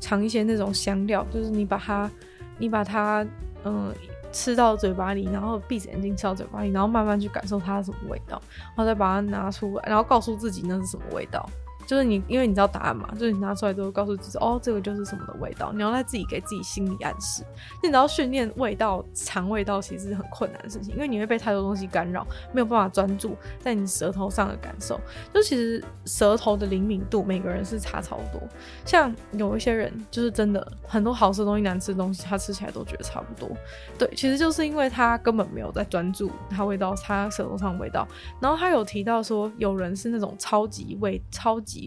嘗一些那種香料，就是你把它，你把它，嗯、呃，吃到嘴巴裡，然後閉着眼睛吃到嘴巴裡，然後慢慢去感受它是什麼味道，然後再把它拿出來，然後告訴自己那是什麼味道。就是你，因為你知道答案嘛，就是你拿出來之後告訴自己，哦，這個就是什麼的味道。你要在自己給自己心理暗示。你知道訓練味道、嘗味道，味道其實是很困難的事情，因為你會被太多東西干擾，沒有辦法專注在你舌頭上的感受。就其實舌頭的靈敏度，每個人是差超多。像有一些人，就是真的很多好吃東西、難吃的東西，他吃起來都覺得差不多。對，其實就是因為他根本沒有在專注他味道，他舌頭上的味道。然後他有提到說，有人是那種超級味、超級。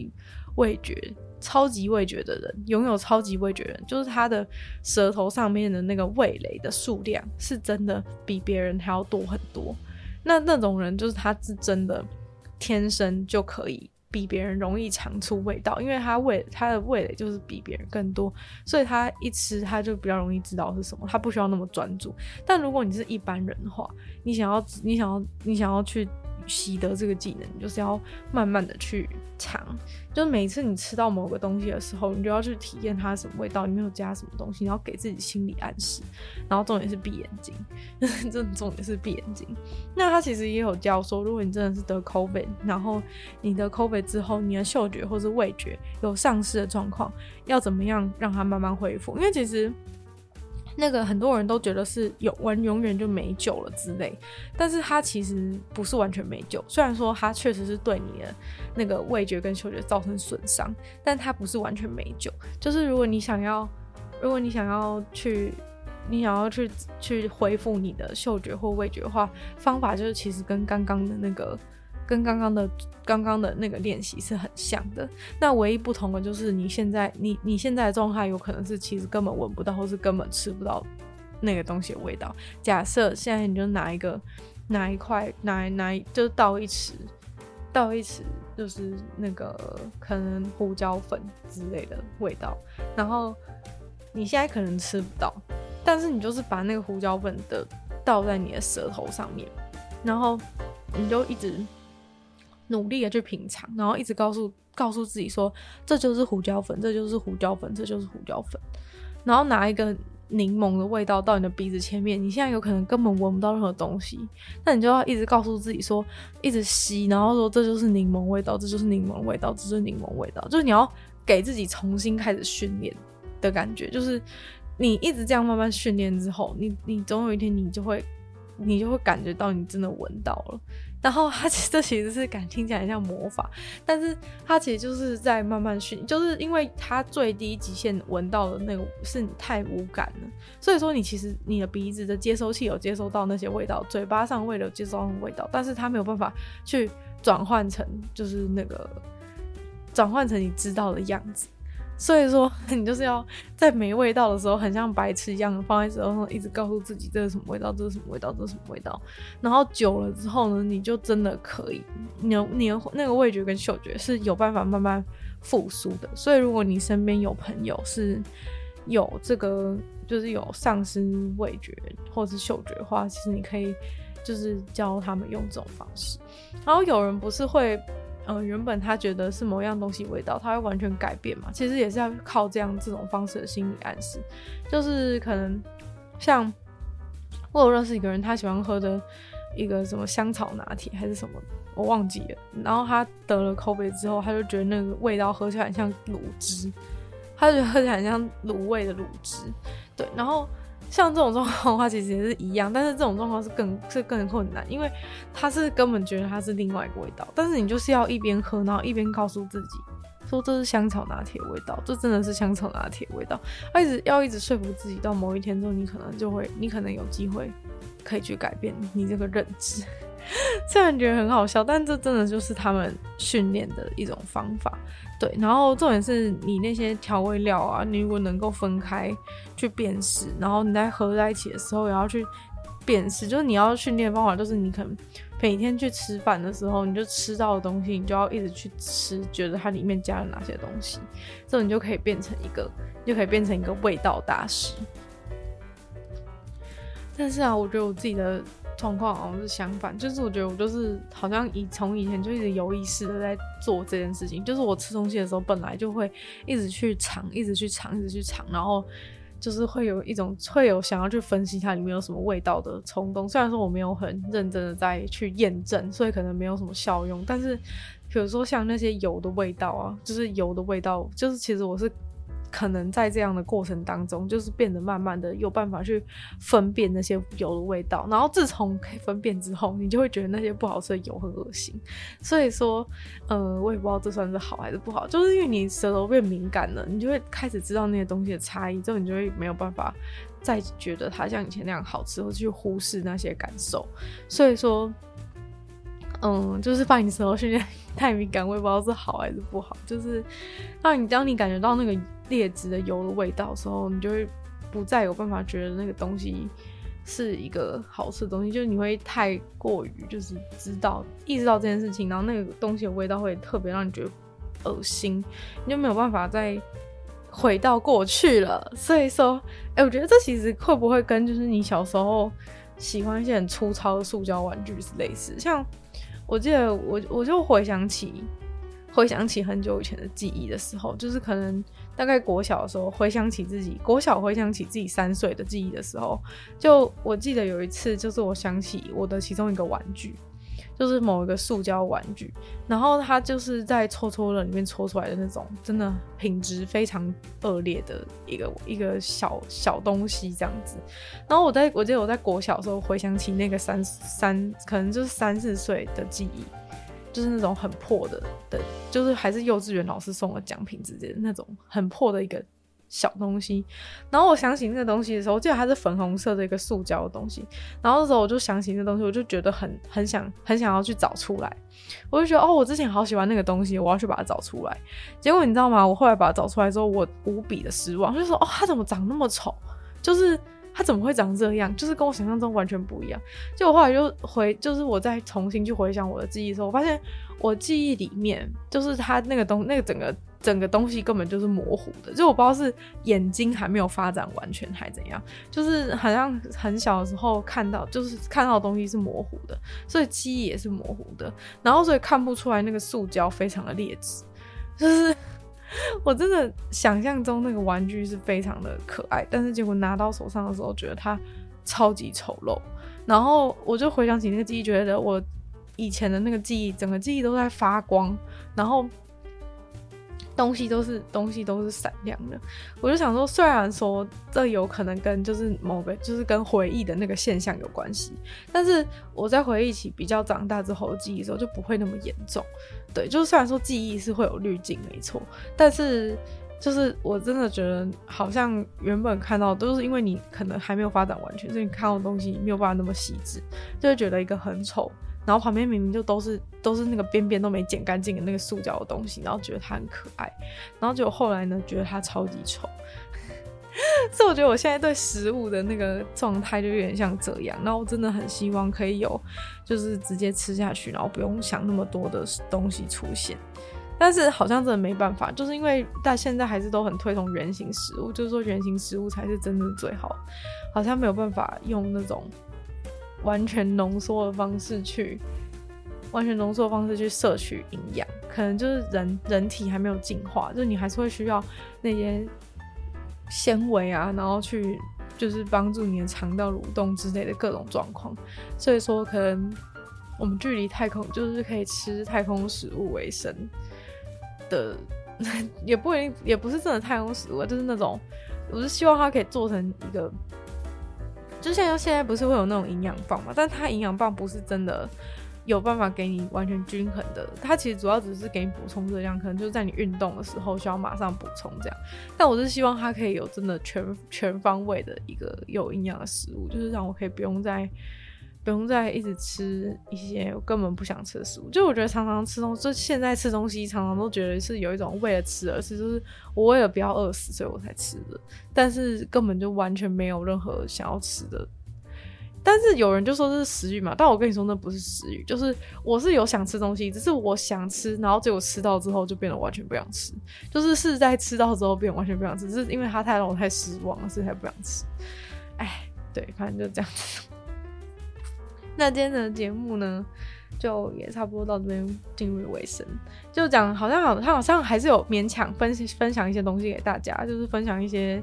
味覺超級味覺的人，擁有超級味覺的人，就是他的舌頭上面的那個味蕾的數量是真的比別人還要多很多。那那種人就是他是真的天生就可以比別人容易嘗出味道，因為他味，他的味蕾就是比別人更多，所以他一吃他就比較容易知道是什麼，他不需要那麼專注。但如果你是一般人的話，你想要你想要你想要去。習得這個技能，你就是要慢慢的去嘗，就是每次你吃到某個東西的時候，你就要去體驗它什麼味道，你沒有加什麼東西，然後給自己心理暗示。然後重點是閉眼睛，真的重點是閉眼睛。那他其實也有教說，如果你真的是得 COVID，然後你得 COVID 之後，你的嗅覺或是味覺有喪失的狀況，要怎麼樣讓它慢慢恢復？因為其實。那個很多人都覺得是有完永遠就沒救了之類，但是他其實不是完全沒救。雖然說他確實是對你的那個味覺跟嗅覺造成損傷，但他不是完全沒救。就是如果你想要，如果你想要去，你想要去去恢復你的嗅覺或味覺的話，方法就是其實跟剛剛的那個。跟剛剛的剛剛的那個練習是很像的，那唯一不同的就是你現在你你現在的狀態有可能是其實根本聞不到，或是根本吃不到那個東西的味道。假設現在你就拿一個拿一塊拿拿就是倒一匙倒一匙就是那個可能胡椒粉之類的味道，然後你現在可能吃不到，但是你就是把那個胡椒粉的倒在你的舌頭上面，然後你就一直，努力的去品嚐，然後一直告訴告訴自己說，這就是胡椒粉，這就是胡椒粉，這就是胡椒粉。然後拿一個檸檬的味道到你的鼻子前面，你現在有可能根本聞不到任何東西，那你就要一直告訴自己說，一直吸，然後說這就是檸檬味道，這就是檸檬味道，這就是檸檬味道。就是你要給自己重新開始訓練的感覺，就是你一直這樣慢慢訓練之後，你你總有一天你就會，你就會感覺到你真的聞到了。然後它其實這其實是感聽起來像魔法，但是它其實就是在慢慢訓，就是因為它最低極限聞到的那個是你太無感了，所以說你其實你的鼻子的接收器有接收到那些味道，嘴巴上為了接收到那種味道，但是它沒有辦法去轉換成，就是那個轉換成你知道的樣子。所以說，你就是要在沒味道的時候，很像白痴一樣放在舌頭上，一直告訴自己這是什麼味道，這是什麼味道，這是什麼味道。然後久了之後呢，你就真的可以，你有你有那個味覺跟嗅覺是有辦法慢慢復甦的。所以，如果你身邊有朋友是有這個，就是有喪失味覺或者是嗅覺的話，其實你可以就是教他們用這種方式。然後有人不是會。嗯、呃，原本他覺得是某樣東西味道，他會完全改變嘛？其實也是要靠這樣這種方式的心理暗示，就是可能像我有認識一個人，他喜歡喝的一個什麼香草拿鐵還是什麼，我忘記了。然後他得了 COVID 之後，他就覺得那個味道喝起來很像滷汁，他就覺得喝起來很像滷味的滷汁。對，然後。像這種狀況的話，其實也是一樣，但是這種狀況是更是更困難，因為他是根本覺得他是另外一個味道，但是你就是要一邊喝，然後一邊告訴自己說這是香草拿鐵味道，這真的是香草拿鐵味道，他一直要一直說服自己，到某一天之後，你可能就會，你可能有機會可以去改變你這個認知。雖然覺得很好笑，但這真的就是他們訓練的一種方法。對，然後重點是你那些調味料啊，你如果能夠分開去辨識，然後你在合在一起的時候也要去辨識，就是你要訓練的方法，就是你可能每天去吃飯的時候，你就吃到的東西，你就要一直去吃，覺得它裡面加了哪些東西，這種你就可以變成一個，你就可以變成一個味道大師。但是啊，我覺得我自己的。狀況好像是相反，就是我覺得我就是好像以從以前就一直有意識的在做這件事情，就是我吃東西的時候本來就會一直去嘗，一直去嘗，一直去嘗，然後就是會有一種會有想要去分析它裡面有什麼味道的衝動。雖然說我沒有很認真的在去驗證，所以可能沒有什麼效用，但是比如說像那些油的味道啊，就是油的味道，就是其實我是。可能在這樣的過程當中，就是變得慢慢的有辦法去分辨那些油的味道。然後自從可以分辨之後，你就會覺得那些不好吃的油很惡心。所以說，嗯，我也不知道這算是好還是不好。就是因為你舌頭變敏感了，你就會開始知道那些東西的差異。之後你就會沒有辦法再覺得它像以前那樣好吃，或者去忽視那些感受。所以說，嗯，就是把你舌頭訓練太敏感，我也不知道是好還是不好。就是當你當你感覺到那個。劣質的油的味道的時候，你就會不再有辦法覺得那個東西是一個好吃的東西，就是你會太過於就是知道、意識到這件事情，然後那個東西的味道會特別讓你覺得噁心，你就沒有辦法再回到過去了。所以說，哎、欸，我覺得這其實會不會跟就是你小時候喜歡一些很粗糙的塑膠玩具是類似？像我記得我我就回想起、回想起很久以前的記憶的時候，就是可能。大概國小的時候，回想起自己國小，回想起自己三歲的記憶的時候，就我記得有一次，就是我想起我的其中一個玩具，就是某一個塑膠玩具，然後它就是在戳戳樂裡面戳出來的那種，真的品質非常惡劣的一個一個小小東西這樣子。然後我在我記得我在國小的時候回想起那個三三，可能就是三四歲的記憶。就是那種很破的對，就是還是幼稚園老師送的獎品之間那種很破的一個小東西。然後我想起那個東西的時候，我記得還是粉紅色的一個塑膠的東西。然後那時候我就想起那個東西，我就覺得很很想很想要去找出來。我就覺得哦，我之前好喜歡那個東西，我要去把它找出來。結果你知道嗎？我後來把它找出來之後，我無比的失望，就是說哦，它怎麼長那麼醜？就是。它怎麼會長這樣？就是跟我想象中完全不一樣。就我後來就回，就是我再重新去回想我的記憶的時候，我發現我記憶裡面就是它那個東那個整個整個東西根本就是模糊的。就我不知道是眼睛還沒有發展完全還怎樣，就是好像很小的時候看到就是看到的東西是模糊的，所以記憶也是模糊的，然後所以看不出來那個塑膠非常的劣質，就是。我真的想象中那個玩具是非常的可愛，但是結果拿到手上的時候，覺得它超級醜陋。然後我就回想起那個記憶，覺得我以前的那個記憶，整個記憶都在發光，然後東西都是東西都是閃亮的。我就想說，雖然說這有可能跟就是某個就是跟回憶的那個現象有關係，但是我在回憶起比較長大之後的記憶的時候，就不會那麼嚴重。對，就是雖然說記憶是會有濾鏡，沒錯，但是就是我真的覺得，好像原本看到的都是因為你可能還沒有發展完全，所以你看到的東西沒有辦法那麼細緻，就會、是、覺得一個很醜，然後旁邊明明就都是都是那個邊邊都沒剪乾淨的那個塑膠的東西，然後覺得它很可愛，然後結果後來呢，覺得它超級醜。 所以我覺得我現在對食物的那個狀態就有點像這樣，那我真的很希望可以有，就是直接吃下去，然後不用想那麼多的東西出現。但是好像真的沒辦法，就是因為大家現在還是都很推崇原型食物，就是說原型食物才是真的是最好的。好像沒有辦法用那種完全濃縮的方式去，完全濃縮的方式去攝取營養，可能就是人人體還沒有進化，就你還是會需要那些。纖維啊，然後去就是幫助你的腸道蠕動之類的各種狀況，所以說可能我們距離太空就是可以吃太空食物為生的，也不一定，也不是真的太空食物，就是那種，我是希望它可以做成一個，就像現在不是會有那種營養棒嘛，但它營養棒不是真的，有辦法給你完全均衡的，它其實主要只是給你補充熱量，可能就是在你運動的時候需要馬上補充這樣。但我是希望它可以有真的全全方位的一個有營養的食物，就是讓我可以不用再、不用再一直吃一些我根本不想吃的食物。就我覺得常常吃東西，就現在吃東西常常都覺得是有一種為了吃而吃，就是我為了不要餓死，所以我才吃的。但是根本就完全沒有任何想要吃的。但是有人就說這是食慾嘛，但我跟你說那不是食慾，就是我是有想吃東西，只是我想吃，然後結果吃到之後就變得完全不想吃，就是是在吃到之後變得完全不想吃，就是因為它太讓我太失望了，所以才不想吃。哎，對，反正就這樣子。 那今天的節目呢，就也差不多到這邊進入尾聲，就講好像好，他好像還是有勉強分析分，分享一些東西給大家，就是分享一些。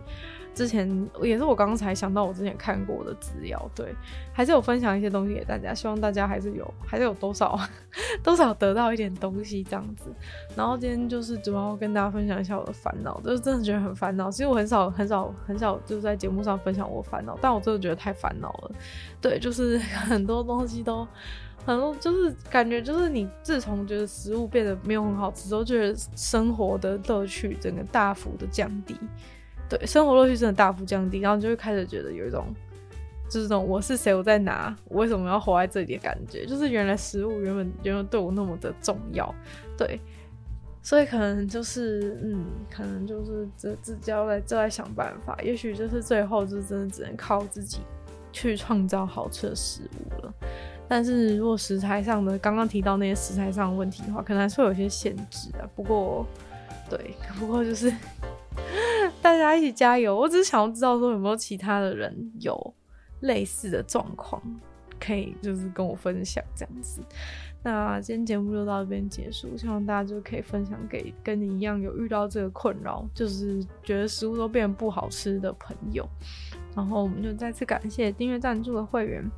之前也是我剛剛才想到，我之前看過的資料，對，還是有分享一些東西給大家，希望大家還是有，還是有多少，多少得到一點東西這樣子。然後今天就是主要跟大家分享一下我的煩惱，就是真的覺得很煩惱。其實我很少很少很少就是在節目上分享我煩惱，但我真的覺得太煩惱了。對，就是很多東西都很，很多就是感覺就是你自從覺得食物變得沒有很好吃之後，就是生活的樂趣整個大幅的降低。對，生活樂趣真的大幅降低，然後你就會開始覺得有一種，就是這種我是誰，我在哪，我為什麼要活在這裡的感覺。就是原來食物原本原本對我那麼的重要，對，所以可能就是，嗯，可能就是這自己要來，就來想辦法。也許就是最後就是真的只能靠自己去創造好吃的食物了。但是如果食材上的，剛剛提到那些食材上的問題的話，可能還是會有些限制啊。不過，對，不過就是。大家一起加油！我只是想要知道說有沒有其他的人有類似的狀況，可以就是跟我分享這樣子。那今天節目就到這邊結束，希望大家就可以分享給跟你一樣有遇到這個困擾，就是覺得食物都變得不好吃的朋友。然後我們就再次感謝訂閱贊助的會員，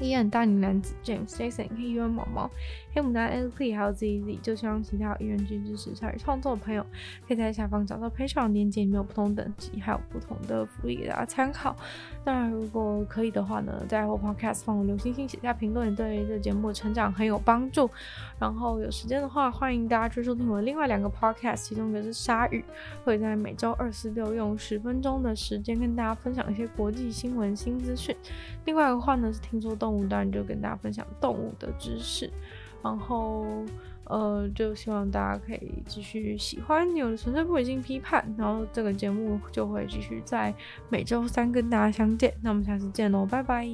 黑暗、嗯、大齡男子 James Jason K Y 毛毛。黑牡丹、l p、hey, 還有 Z Z，就像其他有意願，去支持鯊魚創作的朋友，可以在下方找到 Patreon 連接，裡面有不同等級還有不同的福利給大家參考。當然，如果可以的話呢，在我 Podcast 上留星星寫下評論，對這節目的成長很有幫助。然後有時間的話，歡迎大家去收聽我們的另外兩個 Podcast，其中一個是鯊魚，會在每周二、四、六用十分鐘的時間跟大家分享一些國際新聞新資訊；另外的話呢是聽說動物，當然就跟大家分享動物的知識。然後，呃，就希望大家可以繼續喜歡，女友的純粹不理性批判，然後這個節目就會繼續在每周三跟大家相見。那我們下次見嘍，拜拜。